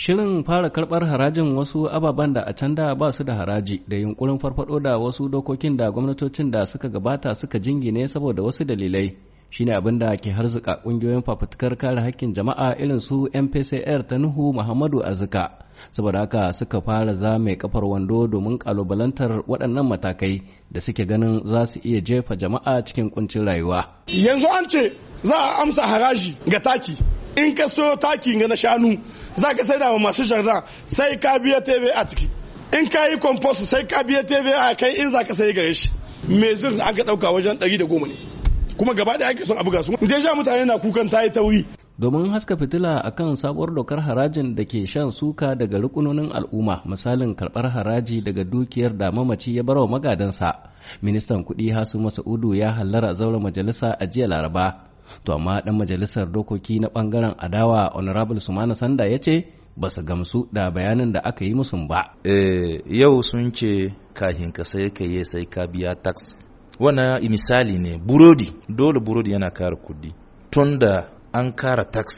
Shirin fara karɓar harajin wasu ababen da a can da ba su da haraji da yunkurin farfaɗo da wasu dokokin da gwamnatocin da suka gabata suka jingine saboda wasu dalilai shine abin da ke harzuka ƙungiyoyin fafutukar kare hakkin jama'a irin su MPCR ta Nuhu Muhammadu Azuka saboda haka suka fara zame kafar wando domin kalubalantar waɗannan matakai da suke ganin za su iya jefa jama'a cikin kuncin rayuwa. Yanzu an ce za a amsa haraji ga taki in ka soyo taki ga na shanu za ka sai da masu jardin sai ka biya tebe a ciki in ka yi compost sai ka biya tebe a kai in za ka sai gare shi mezir zin aka dauka wajen 110 ne kuma gaba da ake son abu su. deja mutane na kukan ta yi tauri domin haska fitila a kan sabuwar dokar harajin da ke shan suka daga rukunonin al'umma misalin karbar haraji daga dukiyar da mamaci ya barawa magadansa ministan kuɗi hasu masa'udu ya hallara zaura majalisa a jiya laraba to amma dan majalisar dokoki na bangaren adawa honorable sumana sanda ya ce ba su gamsu da bayanin da aka yi musu ba eh, yau sun ce kahin ka sai ka yi sai ka biya tax wannan misali ne burodi dole burodi yana kara kudi tun da an kara tax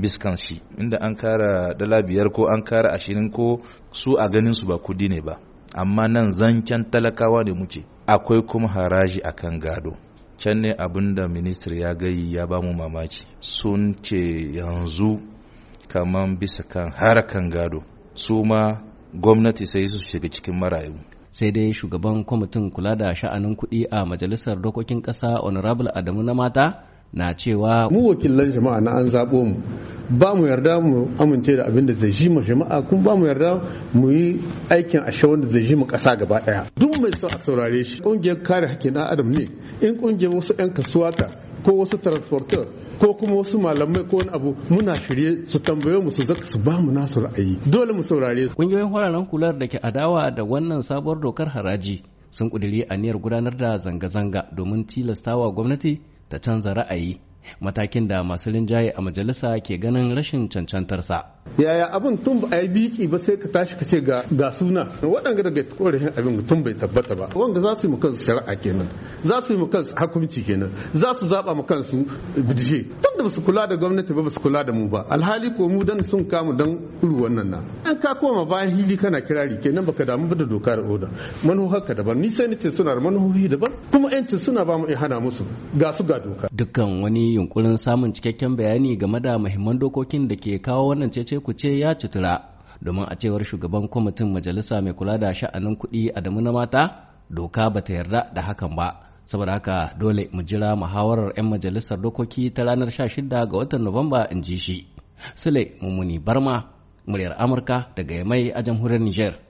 biskan shi inda an kara dala biyar ko an kara ashirin ko su a ganin su ba kudi ne ba amma nan zancen talakawa ne muke akwai kuma haraji akan gado can ne abin da ya gayi ya ba mu mamaki sun ce yanzu kamar bisa kan harakan gado su ma gwamnati sai su shiga cikin marayu sai dai shugaban kwamitin kula da sha'anin kuɗi a majalisar dokokin ƙasa honorable adamu na mata na cewa mu wakilan jama'a na an zaɓo mu ba mu yarda mu amince da abin da zai ji mu jama'a kuma ba mu yarda mu yi aikin ashe wanda zai ji mu kasa gaba daya duk mai son a saurare shi kungiyar kare na adam ne in kungiyar wasu yan kasuwa ta ko wasu transporter ko kuma wasu malamai ko wani abu muna shirye su tambaye mu su zaka su ba mu nasu ra'ayi dole mu saurare su kungiyoyin hararen kular da ke adawa da wannan sabuwar dokar haraji sun a aniyar gudanar da zanga-zanga domin tilastawa gwamnati ta canza ra'ayi matakin da masu rinjaye a majalisa ke ganin rashin cancantarsa. Yaya abin tun ba a yi biki ba sai ka tashi ka ce ga suna waɗanda daga yin abin tun bai tabbata ba wanda za su yi kansu shari'a kenan za su yi kansu hukunci kenan za su zaba mu kansu bidje tun da basu kula da gwamnati ba basu kula da mu ba alhali ko mu dan sun kamu dan iru wannan na an ka koma bayan hili kana kirari kenan baka damu ba da doka da oda manuhohar daban ni sai nace suna da manuhohi daban kuma yancin suna ba mu hana musu ga su ga doka dukkan wani yunkurin samun cikakken bayani game da mahimman dokokin da ke kawo wannan cece kuce ya cutura domin a cewar shugaban kwamitin majalisa mai kula da sha'anin kuɗi a damu na mata doka ba ta yarda da hakan ba saboda haka dole mu jira muhawarar 'yan majalisar dokoki ta ranar 16 ga watan nuwamba in ji shi sule mummuni barma muryar amurka daga yamai a jamhuriyar niger